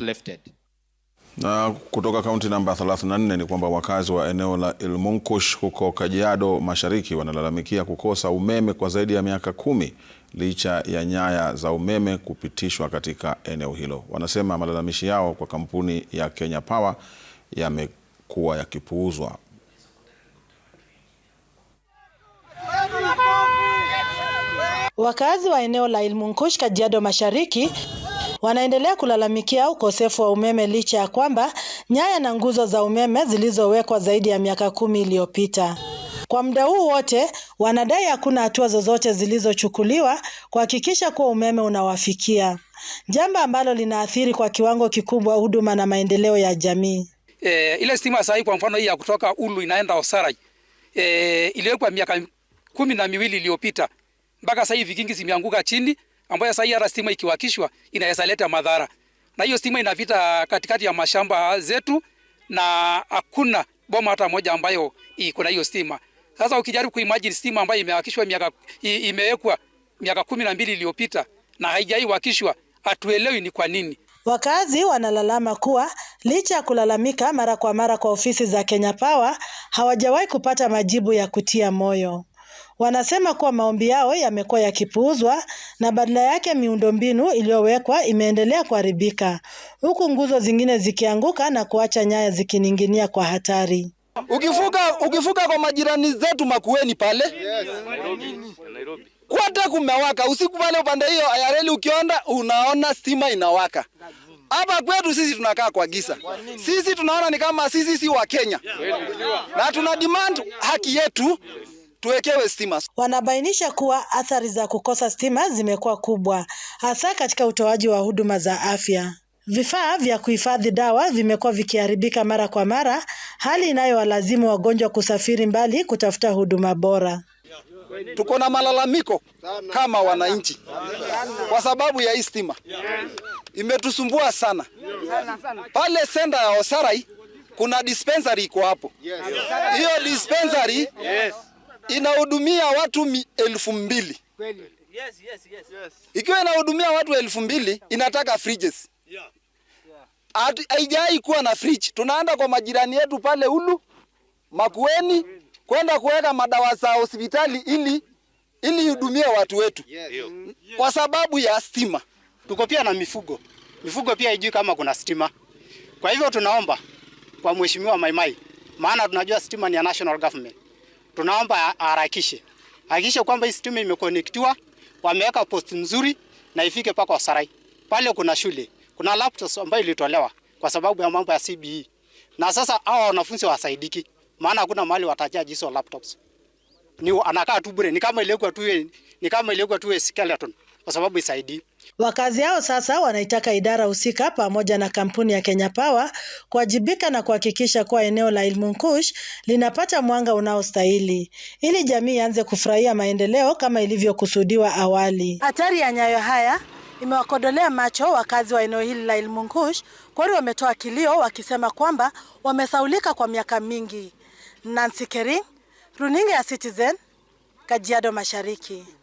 uplifted. Na kutoka kaunti namba 34 ni kwamba wakazi wa eneo la Ilmunkush huko Kajiado Mashariki wanalalamikia kukosa umeme kwa zaidi ya miaka kumi licha ya nyaya za umeme kupitishwa katika eneo hilo. Wanasema malalamishi yao kwa kampuni ya Kenya Power yamekuwa yakipuuzwa. Wakazi wa eneo la Ilmunkush Kajiado Mashariki wanaendelea kulalamikia ukosefu wa umeme licha ya kwamba nyaya na nguzo za umeme zilizowekwa zaidi ya miaka kumi iliyopita. Kwa muda huu wote wanadai hakuna hatua zozote zilizochukuliwa kuhakikisha kuwa umeme unawafikia, jambo ambalo linaathiri kwa kiwango kikubwa huduma na maendeleo ya jamii. E, ile stima sahi kwa mfano hii ya kutoka Ulu inaenda Osarai e, iliwekwa miaka kumi na miwili iliyopita mpaka sasa hivi kingi zimeanguka chini ambayo sasa hata stima ikiwakishwa inaweza leta madhara, na hiyo stima inavita katikati ya mashamba zetu na hakuna boma hata moja ambayo iko na hiyo stima. Sasa ukijaribu kuimagine stima ambayo imewakishwa miaka imewekwa miaka kumi na mbili iliyopita na haijaiwakishwa, hatuelewi ni kwa nini. Wakazi wanalalama kuwa licha ya kulalamika mara kwa mara kwa ofisi za Kenya Power hawajawahi kupata majibu ya kutia moyo. Wanasema kuwa maombi yao yamekuwa yakipuuzwa na badala yake miundombinu iliyowekwa imeendelea kuharibika huku nguzo zingine zikianguka na kuacha nyaya zikining'inia kwa hatari. Ukivuka ukifuka kwa majirani zetu Makueni pale yes. Kwata kumewaka usiku pale upande hiyo ayareli, ukionda unaona stima inawaka. Hapa kwetu sisi tunakaa kwa giza, sisi tunaona ni kama sisi si wa Kenya na tuna demand haki yetu tuwekewe stima. Wanabainisha kuwa athari za kukosa stima zimekuwa kubwa, hasa katika utoaji wa huduma za afya. Vifaa vya kuhifadhi dawa vimekuwa vikiharibika mara kwa mara, hali inayowalazimu wagonjwa kusafiri mbali kutafuta huduma bora. Tuko na malalamiko kama wananchi kwa sababu ya hii stima imetusumbua sana. Pale senda ya Osarai kuna dispensary iko hapo, hiyo dispensary inahudumia watu mi elfu mbili kweli. Yes, yes, yes. Ikiwa inahudumia watu elfu mbili inataka fridges. Yeah. Yeah. Haijai kuwa na fridge. Tunaenda kwa majirani yetu pale Ulu Makueni kwenda kuweka madawa za hospitali ili ili ihudumie watu wetu. Yeah. Yeah. Kwa sababu ya stima. Tuko pia na mifugo. Mifugo pia haijui kama kuna stima. Kwa hivyo tunaomba kwa mheshimiwa Maimai maana tunajua stima ni ya national government tunaomba harakishe hakikisha kwamba hii stima imekonektiwa, wameweka post nzuri na ifike paka Wasarai pale. Kuna shule, kuna laptops ambayo ilitolewa kwa sababu ya mambo ya CBE, na sasa hao wanafunzi wasaidiki, maana hakuna mahali watachaji hizo laptops, ni anakaa tu bure, ni kama ilikuwa tu ni kama ilikuwa tu skeleton kwa sababu isaidii. Wakazi hao sasa wanaitaka idara husika pamoja na kampuni ya Kenya Power kuwajibika na kuhakikisha kuwa eneo la Ilmunkush linapata mwanga unaostahili ili jamii ianze kufurahia maendeleo kama ilivyokusudiwa awali. Hatari ya nyayo haya imewakodolea macho wakazi wa eneo hili la Ilmunkush, kwani wametoa kilio wakisema kwamba wamesaulika kwa miaka mingi. Nancy Kering, runinga ya Citizen, Kajiado Mashariki.